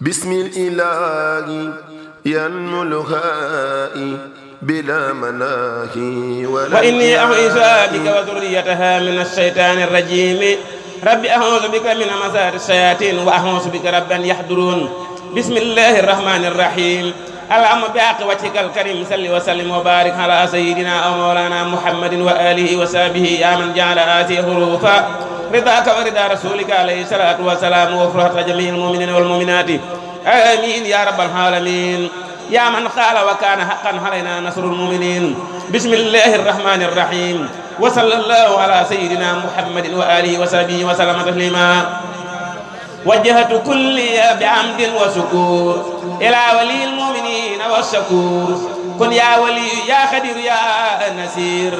بسم الإله ينمو الهائي بلا مناهي ولا وإني أعيذ بك وذريتها من الشيطان الرجيم ربي أعوذ بك من مسار الشياطين وأعوذ بك رب أن يحضرون بسم الله الرحمن الرحيم اللهم بحق وجهك الكريم صل وسلم وبارك على سيدنا ومولانا محمد واله وصحبه يا من جعل هذه حروفا رضاك ورضا رسولك عليه الصلاه والسلام وفرحة جميع المؤمنين والمؤمنات امين يا رب العالمين يا من قال وكان حقا علينا نصر المؤمنين بسم الله الرحمن الرحيم وصلى الله على سيدنا محمد واله وصحبه وسلم تسليما وجهت كلي بعمد وسكور إلى ولي المؤمنين والشكور كن يا ولي يا خدير يا نسير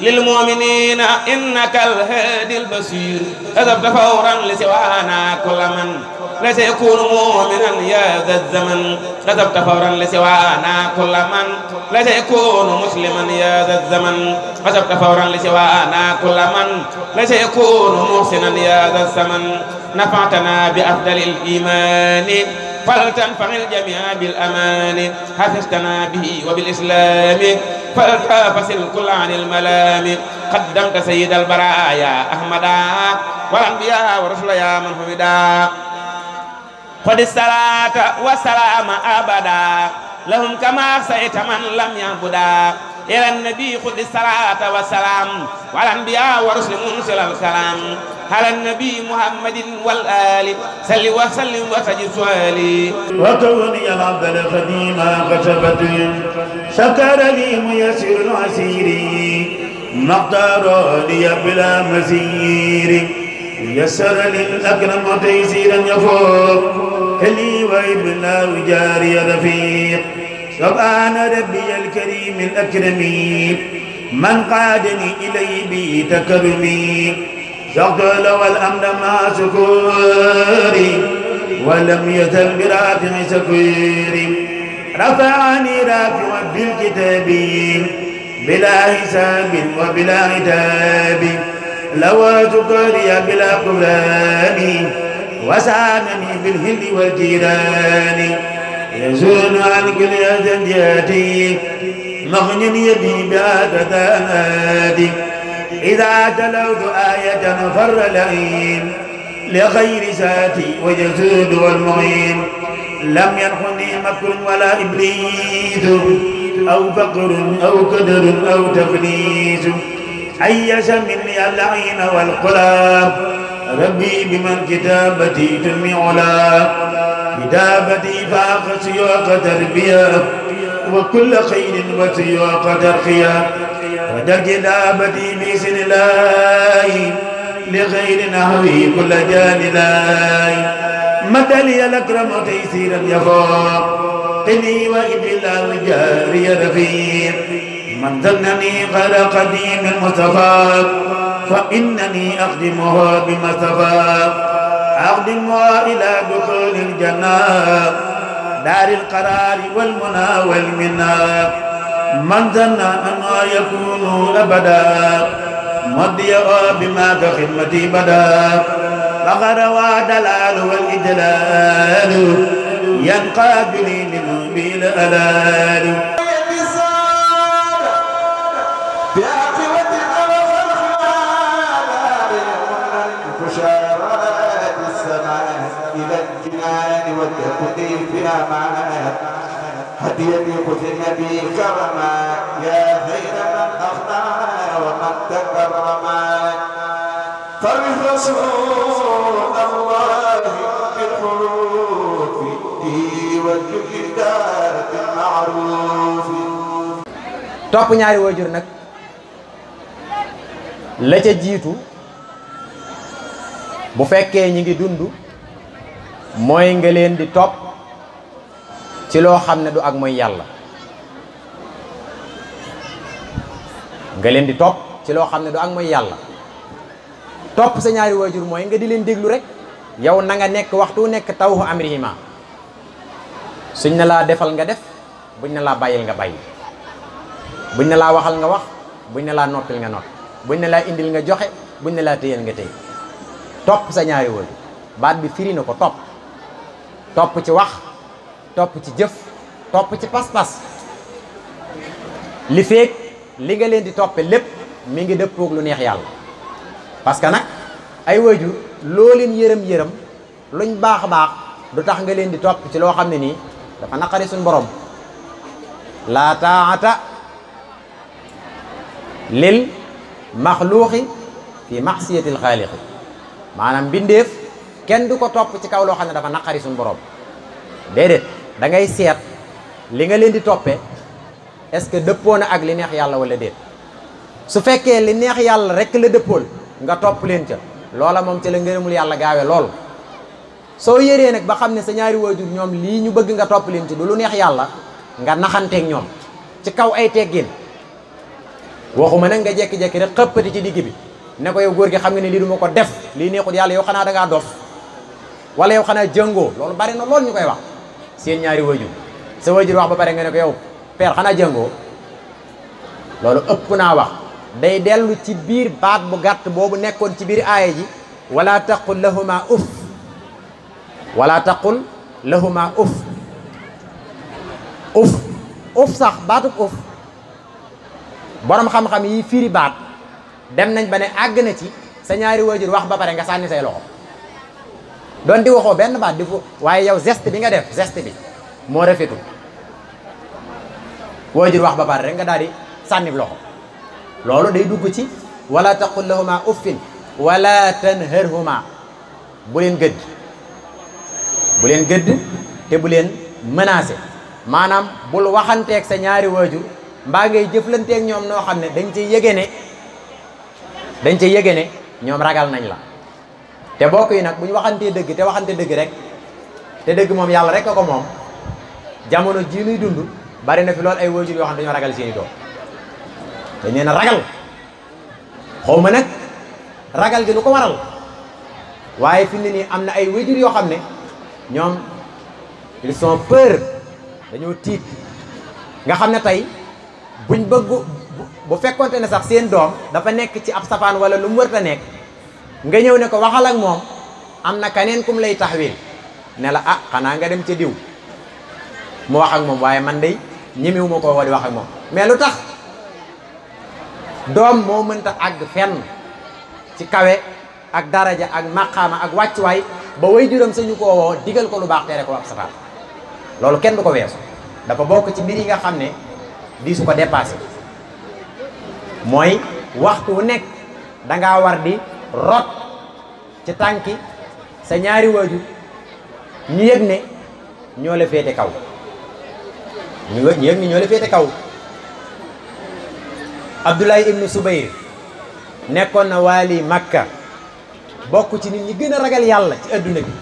للمؤمنين إنك الهادي البصير أذبت فورا لسوانا كل من لسيكون مؤمنا يا ذا الزمن كتبت فورا لسوانا كل من لسيكون مسلما يا ذا الزمن كتبت فورا لسوانا كل من لسيكون محسنا يا ذا الزمن نفعتنا بأفضل الإيمان فلتنفع الجميع بالأمان حفظتنا به وبالإسلام فلتفصل الكل عن الملام قدمت سيد البرايا أحمدا والأنبياء ورسل يا من حمدا xodi salaata wa salaama abada lahum kama sayta man lam yabuda ila nabi xodi salaata wa salaam wal anbiya wa rusul munsilal kalam ala nabi muhammadin wal ali salli wa sallim wa tajib suali wa kawni al abdal qadima katabatun shakara li muyassir asiri maqdara li bila masiri يسر للأكرم وتيسيرا يفوق لي وإبلاه جاري رفيق سبحان ربي الكريم الأكرم من قادني إليه بتكرمي شغل والأمر مع شكوري ولم يزل برافع شكوري رفعني رافع بالكتاب بلا حساب وبلا عتاب لوات قرية بلا قران وسامني بالهند والجيران يزول عن كل جنجاتي مغن يدي بهذا نادي إذا تلوت آية فر لئيم لغير ذاتي وجزود والمعين لم ينحني مكر ولا إبليس أو فقر أو قدر أو تفليس أيش مني العين والقلاب ربي بمن كتابتي تنمي علا كتابتي فاقت وقدر بها وكل خير وتي وقدر خيا ودى كتابتي في سن الله لغير نهوي كل جان لاي متى لي الأكرم تيسيرا يفاق قني وإبلا وجاري رفيق من ذنني غير قديم المصطفى فإنني أخدمها بما صفى أخدمها إلى دخول الجنة دار القرار والمنى والمنى من ظن أنه يكون أبدا مضيئا بما كخدمتي بدا فقد ودلال والإجلال ينقاد لي لنوبي الألال كرما هديتي قتل بي كرما يا خير من أخطأ ومن تكرم فبالرسول الله بالحروف والجدار بالمعروف topp ñaari waajur nag la ca jiitu bu fekkee ñi ngi dund mooy nga leen di topp ci loo xam ne du ak mooy yàlla nga leen di topp ci loo xam ne du ak yàlla topp sa ñaari waajur mooy nga di leen déglu rek yow na nga nekk waxtu nekk taw tawhu amrihima suñ ne laa defal nga def buñ ne laa bàyyil nga bàyyi buñ ne laa waxal nga wax buñ ne laa noppil nga noppi buñ ne laa indil nga joxe buñ ne laa téyal nga téy topp sa ñaari waajur baat bi firi na ko topp topp ci wax topp ci jëf topp ci pas-pas li feeg li nga leen di toppe lépp mi ngi dëppoog lu neex yàlla parce que nag ay waajur loo leen yërëm-yërëm luñ baax a baax du tax nga leen di topp ci loo xam ne nii dafa naqari suñ borom laa taata lil maxluuqi fi maxsiyatil xaaliqi maanaam mbindeef kenn du ko topp ci kaw loo xam ne dafa naqari suñ borom déedéet da ngay seet li nga leen di toppee est-ce que dëppoo na ak li neex yàlla wala déet su fekkee li neex yàlla rek la dëppoon nga topp leen ca loola moom ca la ngërëmul yàlla gaawe lool soo yéree nag ba xam ne sa ñaari waajur ñoom lii ñu bëgg nga topp leen ci du lu neex yàlla nga naxanteek ñoom ci kaw ay teggin waxuma nag nga jekki-jekki rek xëppati ci digg bi ne ko yow góor gi xam nga ne lii du ma ko def lii neexut yàlla yow xanaa dangaa dof wala yow xanaa jëngoo loolu bari na lool ñu koy wax seen ñaari wajur sa wajur wax ba pare nga ne ko yow père xanaa jëngoo loolu ëpp naa wax day dellu ci biir baat bu gàtt boobu nekkoon ci biir aaya ji wala taqul lahuma uf wala taqul lahuma uf uf uf sax baatu uf boroom xam-xam yi firi baat dem nañ ba ne àgg na ci sa ñaari wajur wax ba pare nga sànni say loxo don di waxoo benn baat di fu waaye yow geste bi nga def geste bi moo rafetul waajur wax ba pare rek nga daal di sànni loxo loolu day dugg ci wala taqul lahuma uffin wala tanharhuma bu leen gëdd bu leen gëdd te bu leen menacé maanaam bul waxanteeg sa ñaari waaju mbaa ngay jëflanteeg ñoom noo xam ne dañ ca yëge ne dañ ca yëge ñoom ragal nañ la te bokk yi nag bu ñu waxantee dëgg te waxante dëgg rek te dëgg moom yàlla rek a ko moom jamono jii nuy dund bari na fi lool ay waajur yoo xam dañoo ragal seeni doom dañ leen ma nag ragal gi ko waral waaye fi ne nii am na ay waajur yoo xam ne ñoom ils sont dañoo tiit nga xam ne tey buñ bëgg bu fekkonte ne sax seen doom dafa nekk ci ab safaan wala lu mu wërta nekk nga ñëw ne ko waxal ak moom am na keneen kum lay taxawil ne la ah xanaa nga dem ca diw mu wax ak moom waaye man day ñemewu ma koo woo di wax ak moom mais lu tax doom moo mënta àgg fenn ci kawe ak daraja ak maqaama ak wàccuwaay ba way juram sañu koo woo digal ko lu baax tere ko ab sataan loolu kenn du ko weesu dafa bokk ci mbir yi nga xam ne di ko dépassé mooy waxtu wu nekk danga war di rot ci tànki sa ñaari waajur ñu yëg ne ñoo la féete kaw ñu yëg ne ñoo la féete kaw Abdoulaye ibnu Subayr nekkoon na waali Makka bokk ci nit ñi gën a yàlla ci adduna bi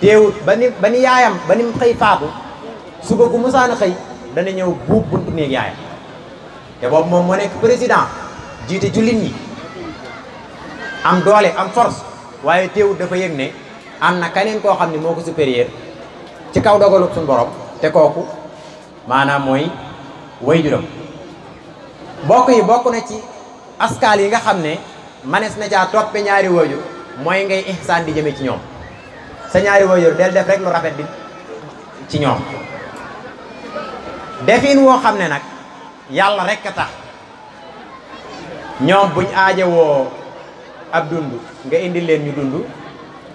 teewut ba ni ba ni yaayam ba ni xëy faatu suba gu musaana xëy dana ñëw buub buntu néeg yaayam te boobu moom moo nekk président jiite jullit ñi am doole am force waaye teewut dafa yëg ne am na keneen koo xam ne moo ko supérieur ci kaw dogalu suñu borom te kooku maanaam mooy waajuram bokk yi bokk na ci askaal yi nga xam ne manees na caa toppe ñaari waajur mooy ngay ihsaan di jëme ci ñoom sa ñaari waajur del def rek lu rafet bi ci ñoom defin woo xam ne nag yàlla rek a tax ñoom buñ aaje woo ab dund nga indi leen ñu dund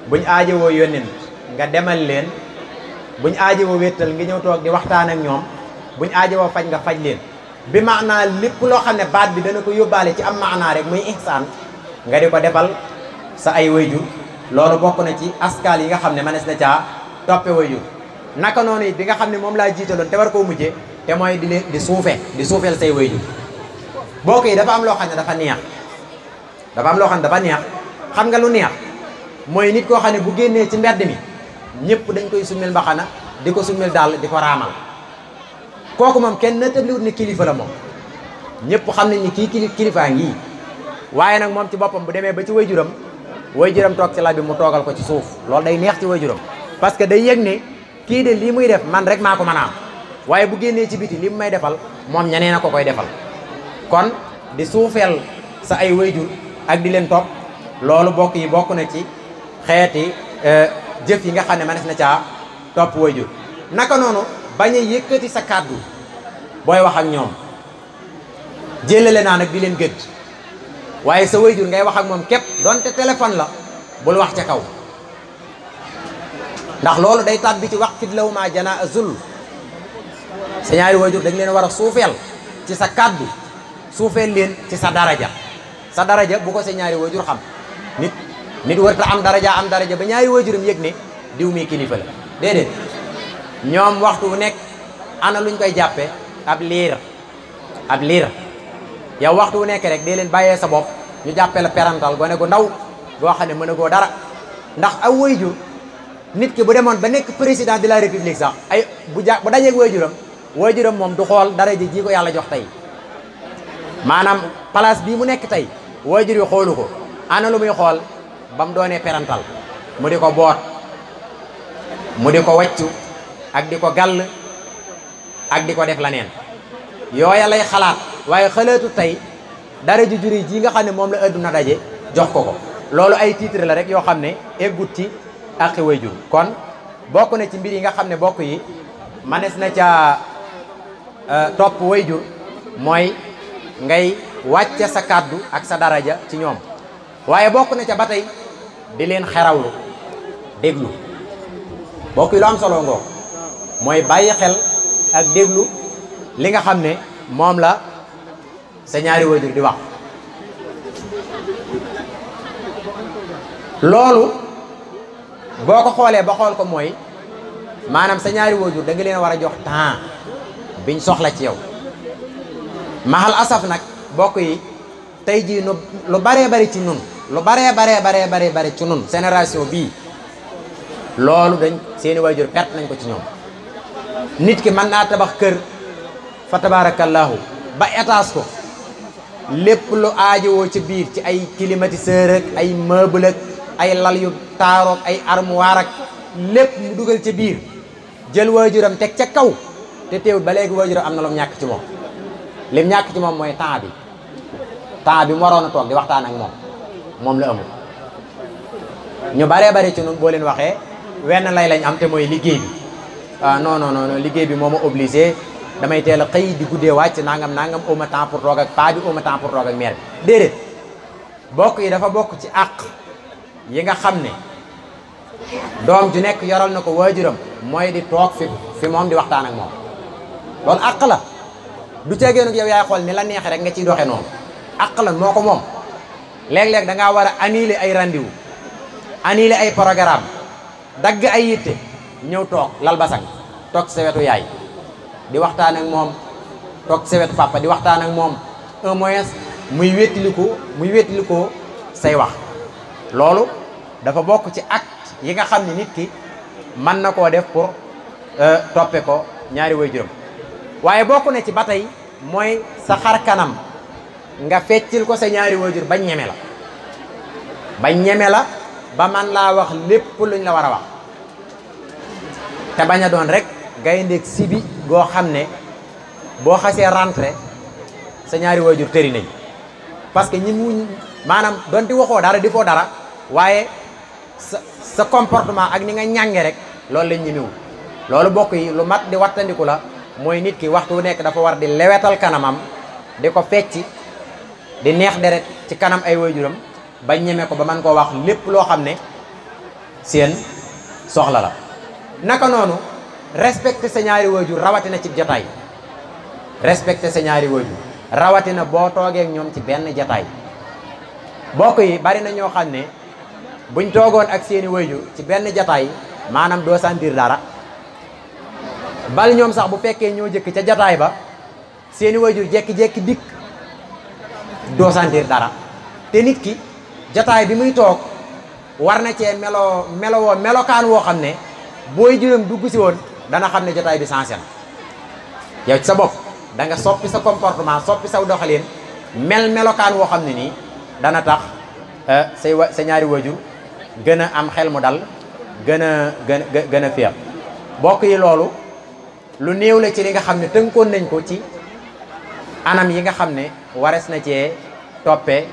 buñ aajowoo yónneen nga demal leen buñ aajowoo wéttal nga ñëw toog di waxtaan ak ñoom buñ aajowoo faj nga faj leen bi maanaa lépp loo xam ne baat bi dana ko yóbbaale ci am maanaa rek muy ihsaan nga di ko defal sa ay wayjur loolu bokk na ci askaal yi nga xam ne manes na caa toppe wayjur naka noonu bi nga xam ne moom laa jiitaloon te war koo mujje te mooy di leen di suufe di suufeel say wayjur boo ko yi dafa am loo xam ne dafa neex dafa am loo xam ne dafa neex xam nga lu neex mooy nit koo xam ne bu génnee ci mbedd mi ñëpp dañ koy summel mbaxana di ko summel daal di ko raamal kooku moom kenn nattabliwut ne kilifa la moom ñëpp xam nañ ni kii kili kilifaa ngi waaye nag moom ci boppam bu demee ba ci way juram waajuram waajuram toog ci lal bi mu toogal ko ci suuf loolu day neex ci waajuram parce que day yëg ne kii de lii muy def man rek maa ko mën waaye bu génnee ci biti li mu may defal moom ñeneen a ko koy defal kon ay waajur ak di leen topp loolu bokk yi bokk na ci xeeti e, jëf yi nga xam ne ma manes na caa topp waajur naka noonu bañ a yëkkati sa kàddu booy wax ak ñoom jëlale naa nag di leen gëdd waaye sa waajur ngay wax ak moom képp donte téléphone la bul wax ca kaw ndax loolu day tàbbi ci wax fit law maa janaa azul sa ñaari waajur dañ leen war a suufeel ci sa kàddu suufeel leen ci sa daraja sa daraja bu ko sa ñaari waajur xam nit nit warta am daraja am daraja ba ñaari waajuram yëg ne diw mii kilifa la déedéet ñoom waxtu wu nekk ana luñ koy jàppe ab liir ab liir yow waxtu wu nekk rek dee leen bàyyee sa bopp ñu jàppe la perantal gone gu ndaw goo xam ne mën a dara ndax aw waajur nit ki bu demoon ba nekk président de la république sax ay bu ja bu dajeeg waajuram waajuram moom du xool daraja ji ko yàlla jox tey maanaam place bii mu nekk tey jur wi xoolu ko ana lu muy xool ba mu doonee perantal mu di ko boot mu di ko waccu ak di ko gàll ak di ko def la neen yooya lay xalaat waaye xalaatu tey dara ju juri ji nga xam ne moom la adduna daje jox ko ko loolu ay titre la rek yoo xam ne eggut ci àqi waajur kon bokk na ci mbir yi nga xam ne bokk yi manes na ca euh, topp waajur mooy ngay wàcce sa kàddu ak sa daraja ci ñoom waaye bokk na ca ba tey di leen xerawlu déglu bokk yi am solo ngoo mooy bàyyi xel ak déglu li nga xam ne moom la sa ñaari waajur di wax loolu boo ko xoolee ba xool ko mooy maanaam sa ñaari waajur da nga leen war a jox temps biñ soxla ci yow maxal asaf nag bokk yi tey jii lu lu baree bari ci nun lu baree baree baree baree bari ci nun génération bii loolu dañ seeni waajur perte nañ ko ci ñoom nit ki mën naa tabax kër fa tabaarakallaahu ba étage ko lépp lu aajowoo ci biir ci ay climatiseur ak ay meuble ak ay lal yu taaroog ay armoire lépp mu dugal ci biir jël waajuram teg ca kaw te teewul ba léegi waajuram am na lu mu ñàkk ci moom lim ñàkk ci moom mooy temps bi temps bi mu waroon a toog di waxtaan ak moom moom la amul ñu baree bari ci ñun boo leen waxee wenn lay lañ am te mooy liggéey bi ah non non liggéey bi moom ma obligé damay teel xëy di guddee wàcc nangam nangam au ma temps pour toog ak paa bi au ma temps pour toog ak mère bi déedéet bokk yi dafa bokk ci àq yi nga xam ne doom ju nekk yoral na ko waajuram mooy di toog fi fi moom di waxtaan ak moom loolu àq la du ceegee nag yow yaay xool ni la neexee rek nga ciy doxee noonu àq la moo ko moom léeg-léeg da ngaa war a annuler ay rendez-vous annuler ay programme dagg ay yitte ñëw toog lal basang toog sa wetu yaay di waxtaan ak moom toog sa wetu papa di waxtaan ak moom un moyen muy wéttilikoo muy wéttilikoo say wax loolu dafa bokk ci acte yi nga xam ne nit ki mën na koo def pour euh, toppe ko ñaari way juróom waaye bokk ne ci ba tey mooy sa xar kanam nga feccil ko sa ñaari waajur ba ñeme la ba ñeme la ba man laa wax lépp luñ la war a wax te bañ a doon rek gayndeeg sibi goo xam ne boo xasee rentré sa ñaari waajur tëri nañ parce que ñi mu maanaam di waxoo dara defoo dara waaye sa sa comportement ak ni nga ñànge rek loolu lañ ñemewul loolu bokk yi lu mat di wattandiku la mooy nit ki waxtu wu nekk dafa war di lewetal kanamam di ko fecci di neex deret ci kanam ay waajuram ba ñeme ko ba man koo wax lépp loo xam ne seen soxla la naka noonu respecté sa ñaari rawatina ci jataay respecté sa ñaari rawatina boo toogee ñoom ci benn jataay bokk yi bari na ñoo xam ne buñ toogoon ak seeni waajur ci benn jataay maanaam doo sentir dara bal ñoom sax bu fekkee ñoo jëkk ca jataay ba seeni waajur jekki-jekki dikk doo sentir dara te nit ki jataay bi muy toog war na cee meloo melowoo melokaan woo xam ne booy jërëm dugg si woon dana xam ne jataay bi sensé na yow sa bopp da nga soppi sa comportement soppi saw doxalin mel melokaan woo xam ne nii dana tax eh, say wa sa ñaari waajur gën a am xel mu dal gën a gën a bokk yi loolu lu néew la ci li nga xam ne tënkoon nañ ko ci anam yi nga xam ne warees na cee toppe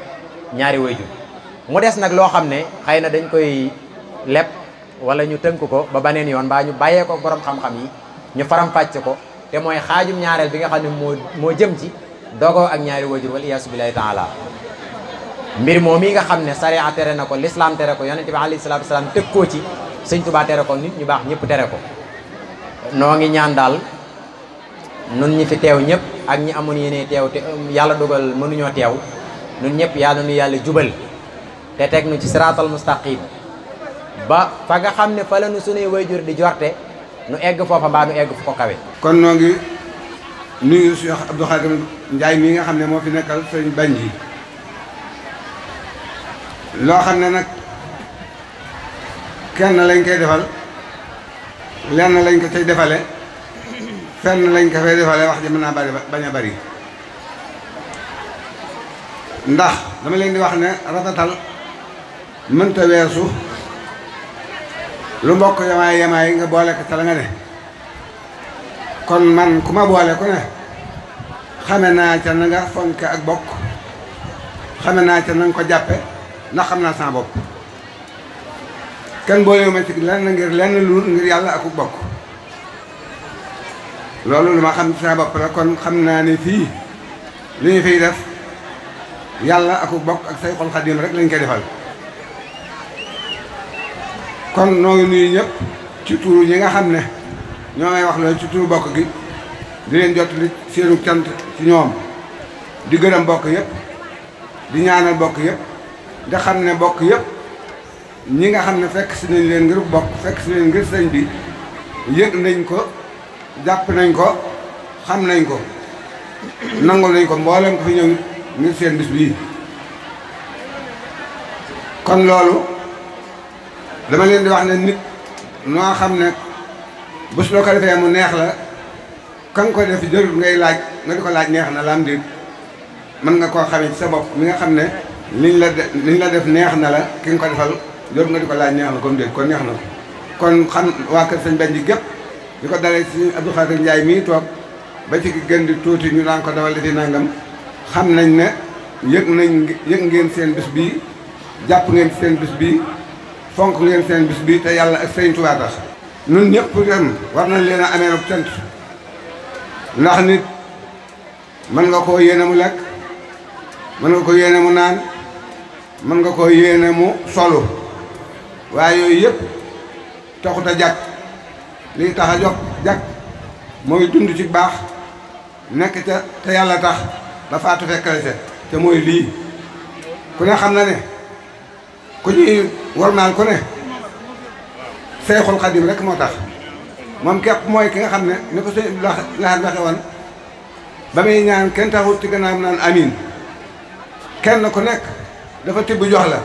ñaari wayjur mu des nag loo xam ne xëy na dañ koy leb wala ñu tënk ko ba baneen yoon baa ñu bàyyee ko borom xam-xam yi ñu faram-fàcce ko te mooy xaajum ñaareel bi nga xam ne moo moo jëm ci dogoo ak ñaari wayjur wala iyaasu billaahi taala mbir moom yi nga xam ne sariya tere na ko lislaam tere ko yonente bi alayhi salaatu wasalaam tëg koo ci sëñ Tuubaa tere ko nit ñu baax ñëpp tere ko noo ngi ñaan daal nun ñi fi teew ñëpp ak ñi amoon yéene teew te um, yàlla dogal mënuñoo teew ñun ñëpp yàlla nu yàlla jubal te teg nu ci siraatal mustaqim ba fa nga xam ne fa la nu sunuy wayjur di jorte nu egg foofa mbaa nu egg fu ko kawe. kon noo ngi nuyu Cheikh Abdou Khadim Ndiaye mii nga xam ne moo fi nekkal sëñ Banji loo xam ne nag kenn lañ koy defal lenn lañ ko defale fenn lañ ko fay defalee wax ji naa bari bañ a bari ndax dama leen di wax ne rafetal mënta weesu lu mbokk yamaay yamaay nga boole ko tala nga ne kon man ku ma boole ku ne xame naa ca na nga fonke ak bokk xame naa ca na nga ko jàppe ndax xam naa sama bopp kenn boole ma ci lenn ngir lenn lu ngir yàlla ak bokk loolu lu ma xam saa bopp la kon xam naa ne fii li ñu fiy def yàlla aku bokk ak say xol xadim rek lañ koy defal kon noo ngi nuyu ñëpp ci turu ñi nga xam ne ñoo may wax loolu ci turu bokk gi di leen jot li seenu cant ci ñoom di gërëm bokk yëpp di ñaanal bokk yëpp di xam ne bokk yëpp ñi nga xam ne fekk si nañ leen ngir bokk fekk si leen ngir sëñ bi yëg nañ ko jàpp nañ ko xam nañ ko nangul nañ ko mboolem ko fi ñëw ngir seen bis bii kon loolu dama leen di wax ne nit noo xam ne bés loo ko defee mu neex la kan ko def jërul ngay laaj nga di ko laaj neex na laam déet mën nga koo xamee ci sa bopp mi nga xam ne liñ la liñ la def neex na la ki nga ko defal jërul nga di ko laaj neex na comme déet ko neex na ko kon xam waa kër sañ benn ji gépp li ko dalee si Abdou Khadir Ndiaye mii toog ba ci génn di tuuti ñu daan ko dawal di nangam xam nañ ne yëg nañ yëg ngeen seen bis bii jàpp ngeen seen bis bii fonk ngeen seen bis bii te yàlla ak Sëriñ Tuubaa nun ñëpp dem war nañ leen a amee nag cant ndax nit mën nga koo yéene mu lekk mën nga ko yéene mu naan mën nga ko yéene mu solu waaye yooyu yëpp taxut a jàpp lii tax a jóg jag mooy dund ci baax nekk ca te yàlla tax ba faatu fekkale ca te mooy lii ku ne xam na ne ku ñuy warmaal ku ne Seexul Xadim rek moo tax moom képp mooy ki nga xam ne ni ko sëñ laxat waxe woon ba muy ñaan kenn taxut ci gannaaw naan amiin kenn ku nekk dafa tibb jox la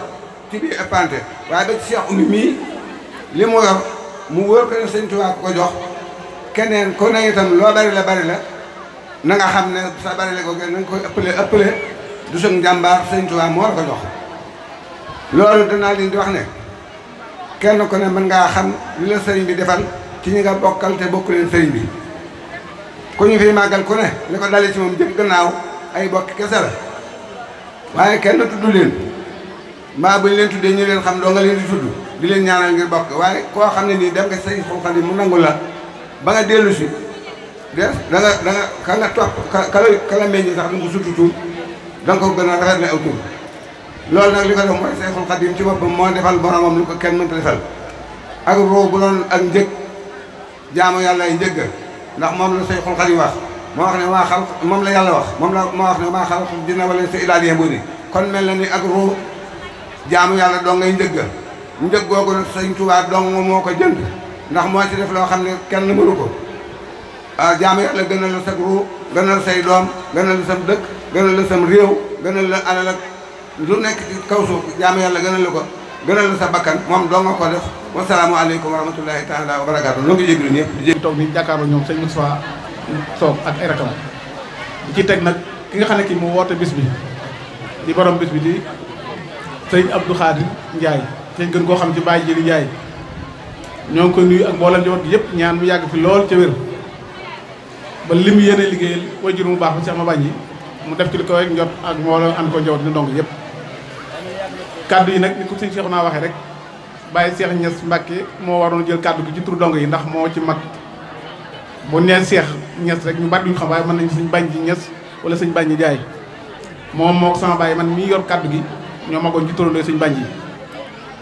ci biir waaye ba Seex Umi mii li mu yor mu wër ko ne sëñ Tuubaa ko jox keneen ku ne itam loo bari la bari la na nga xam ne sa bari la ko gën na nga koy ëppale ëppale du sëg njàmbaar sëñ Tuubaa moo la ko jox loolu danaa leen di wax ne kenn ku ne mën ngaa xam li la sëriñ bi defal ci ñi nga bokkal te bokk leen sëriñ bi ku ñu fiy màggal ku ne li ko dalee ci moom jëm gannaaw ay bokk kese la waaye kenn tudd leen mbaa bu ñu leen tuddee ñu leen xam doo nga leen di tudd di leen ñaanal ngir bokk waaye koo xam ne nii dem nga sëñ xam yi mu nangu la ba nga dellu si des da nga nga ka nga topp ka ka la meññ sax du ko gën a rafet na aw loolu nag li ko def mooy Seexul Xadiim ci boppam moo defal boromam lu ko kenn mënta defal ak roo bu doon ak njëg jaamu yàlla ay njëgga ndax moom la Seexul Xadiim wax moo wax ne maa xal moom la yàlla wax moom la moo wax ne maa xal dina wala sa ilaal yee kon mel na ni ak roo jaamu njëg googu nag sëñ Tuubaa dong moo ko jënd ndax moo ci def loo xam ne kenn mënu ko jaamu yàlla gënal la sa ruu gënal say doom gënal la sam dëkk gënal la sam réew gënal la alal ak nekk ci kaw suuf yàlla gënal la ko gënal sa bakkan moom doo nga ko def wasalaamu aleykum wa rahmatullahi taala wa barakaatu loo ngi jéglu ñëpp di jég toog ni jàkkaarloo ñoom sëñ Moustapha soog ak ay rakam di ci teg nag ki nga xam ne kii mu woote bis bi di borom bis bi di sëñ Abdou Khadir Ndiaye te gën koo xam ci Baye Jili jaay ñoo ngi koy nuyu ak mboolem njaboot gi yëpp ñaan mu yàgg fi lool ca wér ba li mu yéene liggéeyal wajur mu baax ba seex ma bañ yi mu def ci li ko njot ak mboolem ànd ko njaboot ñu ndong yëpp kaddu yi nag ni ko sëñ naa waxee rek Baye Cheikh Niass Mbacke moo waroon jël kàddu gi ci turu dong yi ndax moo ci mag bu nee Cheikh Niass rek ñu bari duñ xam waaye mën nañu sëñ Bañ ji Niass wala sëñ Bañ ji Jaay moom moo sama baay man mii yor kaddu gi ñoo magoon ci turu Bañ ji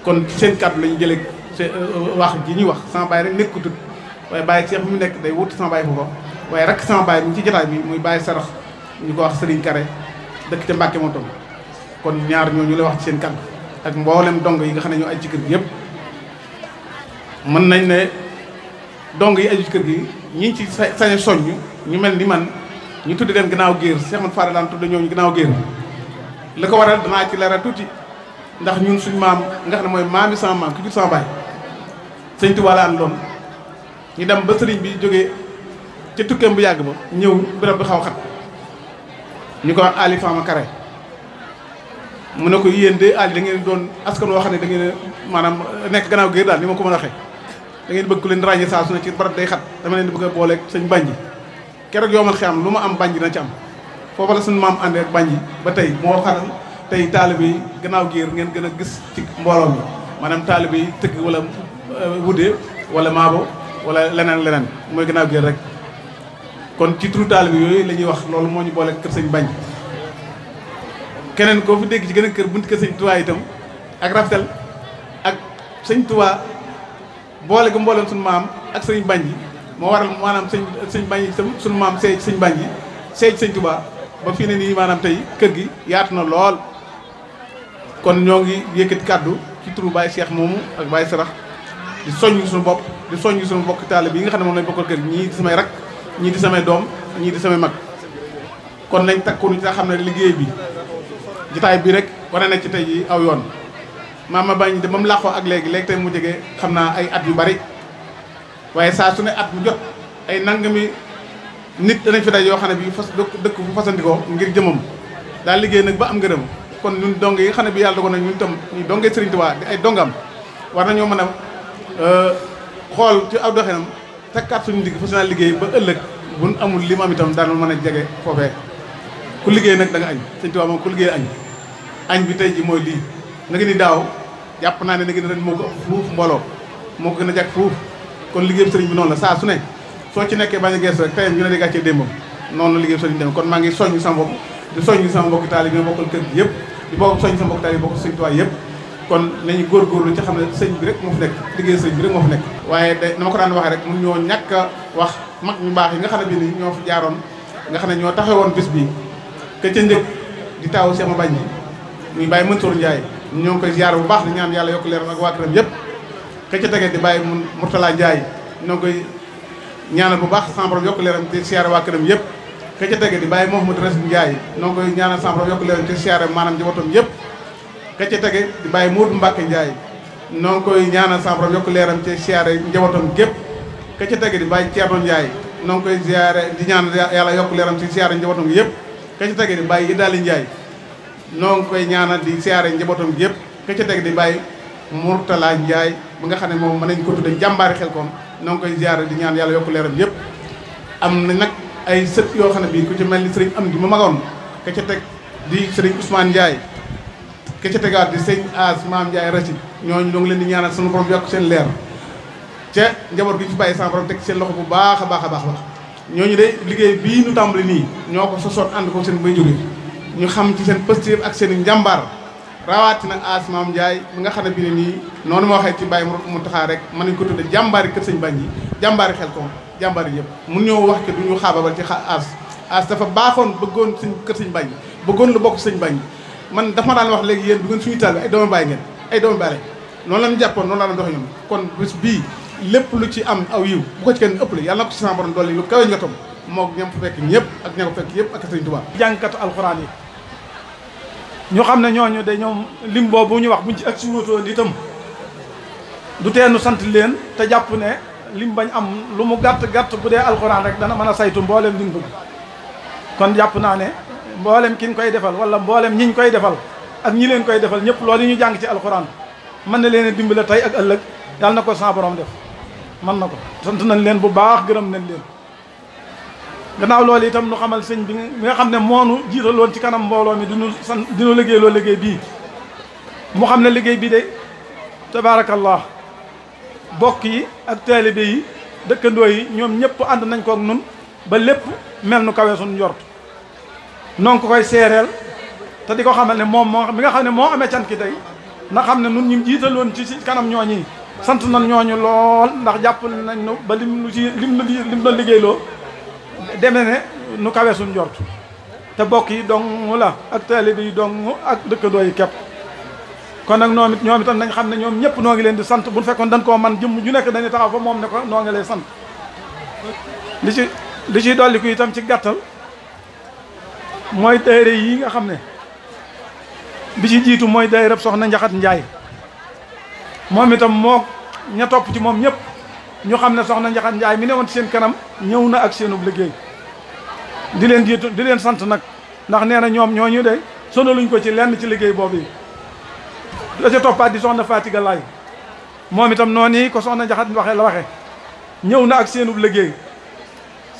kon ci seen kàddu lañuy ñu euh, euh, wax ji ñuy wax sama baay rek nekkutut waaye bàyyi seex mu nekk day wut sama baay foofa waaye rek sama baay mu ci jotaay bi muy bàyyi sarax ñu ko wax Serigne Kare dëkk ca Mbàkke Motom kon ñaar ñoo ñu lay wax ci seen kàddu ak mboolem dong yi nga xam ne ñoo ay ci kër gi yëpp mën nañ ne dong yi aju ci kër gi ñi ci sañ soññ ñu mel ni man ñu tuddi leen gannaaw géer Seex man Faare daan tudd ñooñu gannaaw géer la ko waral danaa ci tuuti ndax ñun suñ maam nga xam ne mooy maam yi sama maam ki jur sama baay sëñ Tuubaa la àndoon ñu dem ba sëriñ bi jógee ca tukkeem bu yàgg ba ñëw béréb bi xaw xat ñu ko wax Ali Fama Kare mu ne ko yéen de Ali da ngeen doon askan woo xam ne da ngeen maanaam nekk ganaaw géer daal ni ma ko mën a waxee da ngeen bëgg ku leen ràññee saa su ne ci barab day xat dama leen di bëgg a booleeg sëñ Banji keroog yoomal xiyam lu ma am Banji na ci am foofa la suñu maam àndee ak ba tey tey taalibe yi gannaaw giir ngeen gën a gis ci mbooloo mi maanaam taalibe yi tëgg wala euh, wude wala maabo wala leneen leneen mooy gannaaw giir rek kon ci turu taalibe yooyu la wax loolu moo ñu boole kër sëñ bañ keneen koo fi dégg ci gën a kër buntu kër sëñ Tuubaa itam ak rafetal ak sëñ Tuubaa boole ga mbooleem suñu maam ak sëñ bañ moo waral maanaam sëñ sëñ bañ suñu maam seey sëñ bañ yi seey ci sëñ ba fii ne nii maanaam tey kër gi yaatu na lool kon ñoo ngi yëkkati kàddu ci turu Baye Cheikh moomu ak Baye Sarax di soññ suñu bopp di soññ suñu bokk taalibe yi nga xam ne moom lañ bokkal kër ñii di samay rak ñii di samay doom ñii di samay mag kon nañ takku ñu ta xam ne liggéey bi jotaay bi rek wane na ci tey yi aw yoon maama bañ de moom làqoo ak léegi léegi tey mu jege xam naa ay at yu bari waaye saa su ne at bu jot ay nangami nit danañ fi daj yoo xam ne bi fas dëkk bu fasandikoo ngir jëmam daal liggéey nag ba am ngërëm kon ñun dong yi nga ne bi yàlla dogal na ñun tam ñu dongee Serigne Touba di ay dongam war nañoo mën euh, xool ci ab doxinam takkaat suñu ndigg fas naa liggéey ba ëllëg buñ amul li mu am itam daanul mën a jege foofee ku liggéey nag da añ Serigne Touba moom ku liggéey añ añ bi tey ji mooy lii na ngeen ni daaw jàpp naa ne na ngeen ren moo fuuf mbooloo moo ko gën a jàkk fuuf kon liggéeyam sëriñ bi noonu la saa su ne soo ci nekkee bañ a gees rek tayam ñu ne di gàccee démbam noonu la sëriñ dem kon maa ngi soññ sama bopp di soññ sama mbokki taalibe yi kër gi yëpp di bokk soñ sa mbokk taal yi bokk sëñ Tuubaa yëpp kon ñu nañu góorgóorlu ci xam ne sëñ bi rek moo fi nekk liggéey sëñ bi rek moo fi nekk waaye de na ma ko daan waxee rek mun ñoo ñàkk a wax mag ñu baax yi nga xam ne bii nii ñoo fi jaaroon nga xam ne ñoo taxawoon bis bii ke ca njëkk di taaw Cheikh Mabañ yi muy bàyyi Mansour Ndiaye ñoo ngi koy ziar bu baax di ñaan yàlla yokk leeram ak waa këram yëpp ke ca tegee di bàyyi mun Ndiaye ñoo ngi koy ñaanal bu baax sama borom yokk leeram di waa këram yëpp ka ca tege di bàyyi Mouhamadou Racine Ndiaye noo koy ñaana sàmm yokk leen ci siyaare maanaam njabootam yëpp ka ca tege di bàyyi Modou Mbacke Ndiaye noo koy ñaanal sàmm yokk leeram ci siyaare njabootam gépp ka ca tege di bàyyi Thierno Ndiaye noon koy siyaare di ñaan yàlla yokk leeram ci siyaare njabootam yëpp ka ca tege di bàyyi Idali Ndiaye noo koy ñaanal di siyaare njabootam yëpp ka ca tege di bàyyi Mourtala Ndiaye ba nga xam ne moom mën nañ ko tudde jàmbaari xel koom noo koy siyaare di ñaan yàlla yokk leeram yëpp am na nag ay sët yoo xam ne bii ku ci mel ni sëriñ am di ma magoon ka ca teg di sëriñ usmaan Ndiaye ka ca tegaat di sëñ As Maam Ndiaye Rachid ñooñu ñoo ngi leen di ñaanal sunu borom yokk seen leer ca njaboot gi ci bàyyi sama borom teg seen loxo bu baax a baax a baax baax ñooñu de liggéey bii nu tàmbali nii ñoo ko sosoon ànd ko seen bay jóge ñu xam ci seen positif ak seen i njàmbaar rawaati nag As Maam Ndiaye mi nga xam ne bii nii noonu ma waxee ci bàyyi mu taxaa rek mën nañu ko tudde jàmbaari kër sëñ Banji jàmbaari xel ko jàmbaar yëpp mun ñoo wax ke du ñu xaababal ci aas aas dafa baaxoon bëggoon suñ kër suñ bàyyi bëggoon lu bokk suñ bàyyi man dafa ma daan wax léegi yéen du ngeen suñu taal bi ay doomu ngeen ay doomu bàyyi noonu lañu jàppoon noonu laa dox ñoom kon bis bii lépp lu ci am aw yiw bu ko ci kenn ëppale yàlla na ko ci sama borom dolli lu kawe njottam moo ñam fa fekk ñëpp ak ña fekk yëpp ak sëñ Tuubaa jàngkatu alxuraan yi ñu xam ne ñooñu de ñoom lim boobu ñu wax buñ ci ak si wóotoon itam du sant leen te jàpp ne lim bañ am lu mu gàtt gàtt bu dee alxuraan rek dana mën a saytu mboolem li nga bëgg kon jàpp naa ne mboolem ki koy defal wala mbooleem ñi ñu koy defal ak ñi leen koy defal ñëpp loolu ñu jàng ci alxuraan mën na leen a dimbale tey ak ëllëg yàlla na ko sa borom def mën na ko sant nañ leen bu baax gërëm nañ leen gannaaw loolu itam nu xamal sëñ bi nga xam ne moonu jiitaloon ci kanam mbooloo mi dinu san dinu liggéey loo liggéey bii mu xam ne liggéey bi de tabaarakallah bokk yi ak taalibe yi dëkkandoo yi ñoom ñëpp ànd nañ ko ak nun ba lépp mel nu kawee suñu njort noonu ko koy seereel te di ko xamal ne moom moo mi nga xam ne moo amee cant ki tey na xam ne nun ñi jiitaloon ci ci kanam ñooñi sant nañ ñooñu lool ndax jàpp nañ ba lim lu ci lim lim la liggéeyloo deme ne nu kawee suñu te bokk yi dong la ak taalibe yi dong ak dëkkandoo yi kepp kon nag ñoom it ñoom itam nañ xam ne ñoom ñëpp noo ngi leen di sant bu fekkoon dañ koo man jëmm ju nekk dañu taxaw fa moom ne ko noo ngi lay sant li ci li ciy dolliku itam ci gàttal mooy daayira yii nga xam ne bi ci jiitu mooy daayira soxna njaxat njaay moom itam moo ña topp ci moom ñëpp ñu xam ne soxna njaxat njaay mi ne woon seen kanam ñëw na ak seenub liggéey di leen jiitu di leen sant nag ndax nee na ñoom ñoo ñooñu de sonaluñ ko ci lenn ci liggéey boobu yi da ca toppaat di soxna Fatiga Laay moom itam noon yi ko soxna Njaxat waxe la waxe ñëw na ak seenub liggéey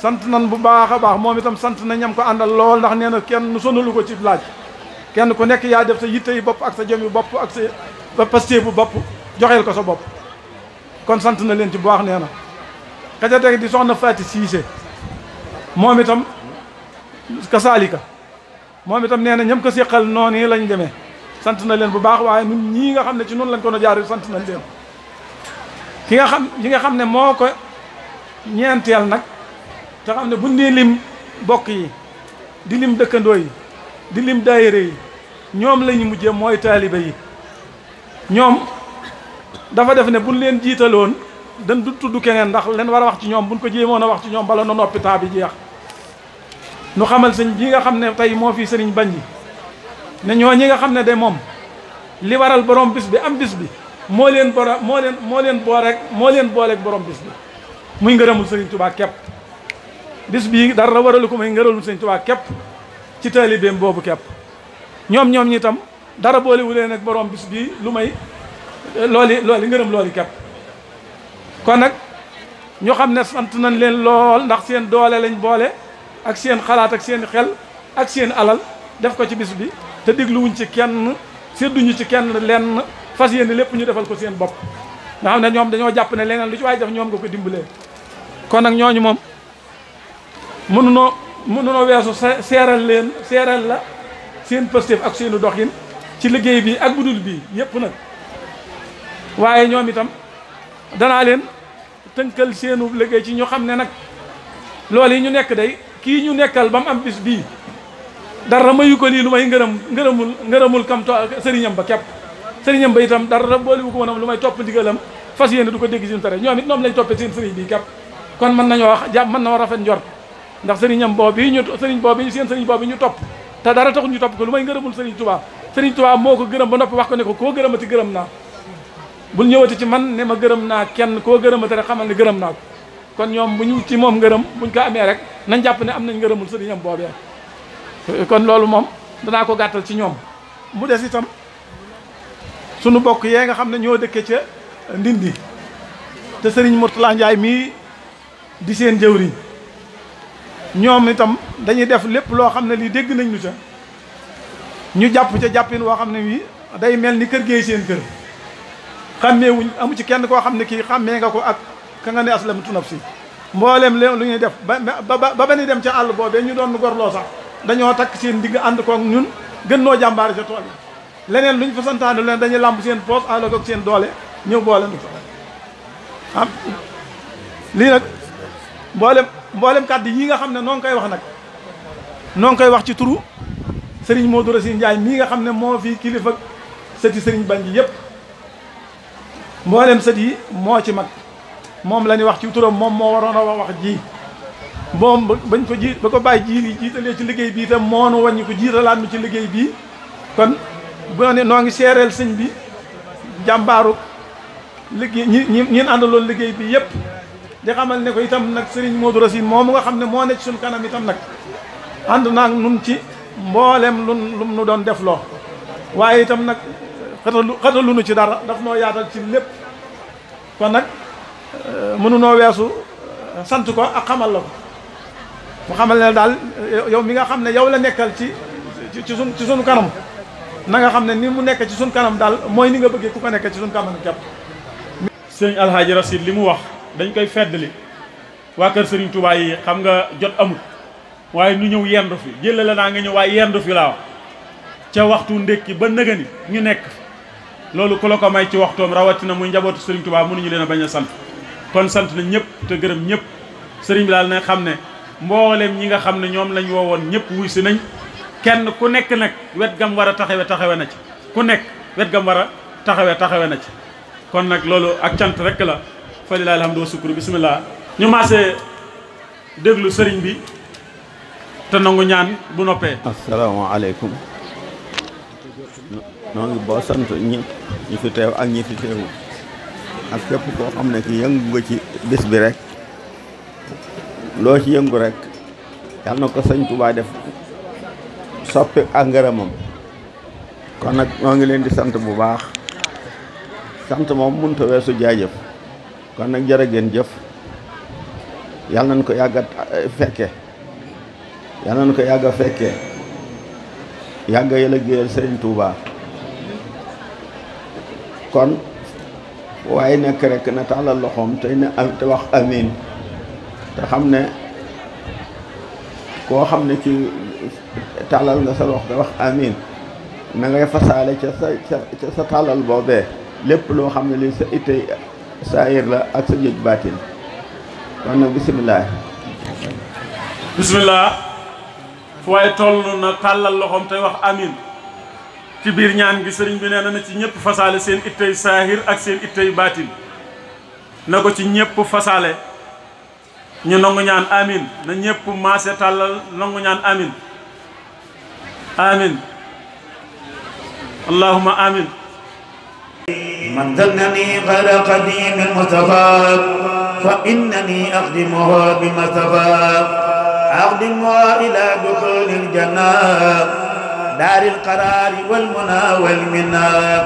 sant nan bu baax a baax moom itam sant na ñam ko àndal lool ndax nee na kenn sonalu ko ci laaj kenn ku nekk yaa def sa yitte yi bopp ak sa jom yu bopp ak sa pasté bu bopp joxeel ko sa bopp kon sant na leen ci bu baax nee na kaja teg di soxna Fati Siise moom itam kasaalika moom itam nee na ñam ko séqal noonu yi lañu demee sant na leen bu baax waaye ñun ñii nga xam ne ci noonu lañ ko na jaar sant nañ leen ki nga xam yi nga xam ne moo ko ñeenteel nag te xam ne buñ dee lim bokk yi di lim dëkkandoo yi di lim daayira yi ñoom lañu mujjee mooy taalibe yi ñoom dafa def ne buñ leen jiitaloon dañ du tudd keneen ndax leen war a wax ci ñoom buñ ko jéemoon a wax ci ñoom bala na noppi taa bi jeex nu xamal sëñ ji nga xam ne tey moo fii sëriñ bañ yi ne ñoo ñi nga xam ne de moom li waral borom bis bi am bis bi moo leen borom moo leen moo leen boo rek moo leen booleeg borom bis bi muy ngërëmul sëriñ tubaa képp bis bii dara waralu ko muy ngërëmul sëriñ tubaa képp ci taalibeem boobu képp ñoom ñoom ñi tam dara boolewu leen ak borom bis bii lu may looli looli ngërëm looli képp kon nag ñu xam ne sant nañ leen lool ndax seen doole lañ boole ak seen xalaat ak seen xel ak seen alal def ko ci bis bi te dégluwuñ ci kenn sédduñu ci kenn lenn fas yéene lépp ñu defal ko seen bopp nga xam ne ñoom dañoo jàpp ne leneen lu ci waay def ñoom nga ko dimbalee kon nag ñooñu moom mënunoo mënunoo weesu seeral leen seeral la seen pëstéef ak seenu doxin ci liggéey bii ak budul bi yépp nag waaye ñoom itam danaa leen tënkal seenu liggéey ci ñu xam ne nag loolu yi ñu nekk day kii ñu nekkal ba mu am bis bii dara mayu ko lii lu may ngërëm ngërëmul ngërëmul kam to sëriñam ba kepp sëriñam ba itam dara booliwu ko woon lu may topp ndigalam fas yéene du ko dégg sin tere ñoom it noom lañ toppee seen sëriñ bi nañoo wax jàpp mën na war rafet njort ndax sëriñam boobu yi ñu sëriñ boobu ñu seen sëriñ boobu ñu topp te dara taxu ñu topp ko lu may ngërëmul sëriñ Tuubaa sëriñ Tuubaa moo ko gërëm ba noppi wax ko ne ko koo gërëmati gërëm naa bul ñëwati ci man ne ma gërëm naa kenn koo gërëmati rek xamal ne gërëm naa ko kon ñoom bu ñu ci moom ngërëm buñ ko amee rek nañ jàpp ne am nañ ngërëmul sëriñam boobee kon loolu moom danaa ko gàttal ci ñoom mu des itam sunu bokk yee nga xam ne ñoo dëkke ca ndindi te sëriñ Mourtala mii di seen jëwriñ ñoom itam dañuy def lépp loo xam ne lii dégg nañ lu ca ñu jàpp ca jàppin woo xam ne wii day mel ni kër géey seen kër xàmmeewuñ amu ci kenn koo xam ne kii xàmmee nga ko ak ka nga ne aslamtu nafsi mbooleem lu ñuy def ba ba ba ba ni dem ca àll boobee ñu doon gorloo sax dañoo takk seen digg ànd koog ñun gën noo jàmbaare sa tool yi leneen luñ fa santaane leen dañuy làmb seen poos ànd koog seen doole ñëw boole nu fa lii nag mboolem mboolem kàddu yi nga xam ne noo ngi koy wax nag noo ngi koy wax ci turu Serigne Modou Racine Ndiaye mii nga xam ne moo fi kilifa sëti Serigne Bandji yëpp mboolem sët yi moo ci mag moom lañuy wax ci turam moom moo waroon a wax jii moom bañ ko ji ba ko bàyyi ji jiitalee ci liggéey bi itam moonu wàññi ko jiitalaat mi ci liggéey bi kon boo ne noo ngi seereel sëñ bi jàmbaaru liggéey ñi ñi ñiin àndaloon liggéey bi yëpp di xamal ne ko itam nag sëriñ Modou Racine moom nga xam ne moo ne ci suñu kanam itam nag ànd naag nun ci mbooleem lu lum nu doon def loo waaye itam nag xatalu xatalunu ci dara daf noo yaatal ci lépp kon nag euh, mënunoo weesu euh, sant ko ak xamal la ko mu xamal ne daal yow mi nga xam ne yow la nekkal ci ci ci sunu kanam na nga xam ne ni mu nekk ci sunu kanam daal mooy ni nga bëggee ku ko nekk ci sunu kanam képp sëñ alhaaji rasid li mu wax dañ koy feddali waa kër sëriñ Touba yi xam nga jot amul waaye ñu ñëw yendu fi jëla la naa ngi ñëw waaye yendu fi laa ca waxtu ndékki ba nëgëni ñu nekk loolu ku la ko may ci waxtoom rawatina muy njabootu sëriñ Touba mënuñu leen a bañ a sant kon sant na ñëpp te gërëm ñëpp sëriñ daal na xam ne mboolem ñi nga xam ne ñoom lañ woon ñëpp wuy si nañ kenn ku nekk nag wet gam a taxawe taxawe na ci ku nekk wet gam war taxawe taxawe na ci kon nag loolu ak cant rek la fa lilahi alhamdu wa sukuru ñu maasee déglu sëriñ bi te nangu ñaan bu noppee asalaamaaleykum noo ngi boo sant ñëpp ñi fi teew ak ñi fi teewu ak képp koo xam ne ki yëngu nga ci bis bi rek loo ci yëngu rek yal na ko sëñ Tuubaa def soppi ak ngërëmam kon nag ñoo ngi leen di sant bu baax sant moom mënut weesu jaajëf kon nag jërë ngeen jëf yal nañ ko yàgg a eh, fekke yal nañ ko yàgg a fekke yàgg a liggéeyal sëñ kon waaye nekk rek na tàllal loxoom tey na te wax amiin te xam ne koo xam ne ci tàllal nga sa loxo nga wax amiin na ngay fasaale ca sa ca sa tàllal boobee lépp loo xam ne li sa ittey saayir la ak sa jëj baatin kon nag bisimilah. bisimilah fu waaye toll na tàllal loxoom te wax amin ci biir ñaan bi sëriñ bi nee na na ci ñëpp fasaale seen ittey saahir ak seen ittey baatin na ko ci ñëpp fasaale ñu nangu ñaan amin na ñépp maase tàllal nangu ñaan amin amin allahumma amin من ظنني غير قديم المصطفى فإنني أخدمها بما صفى أخدمها إلى دخول الجنة دار القرار والمنى والمنى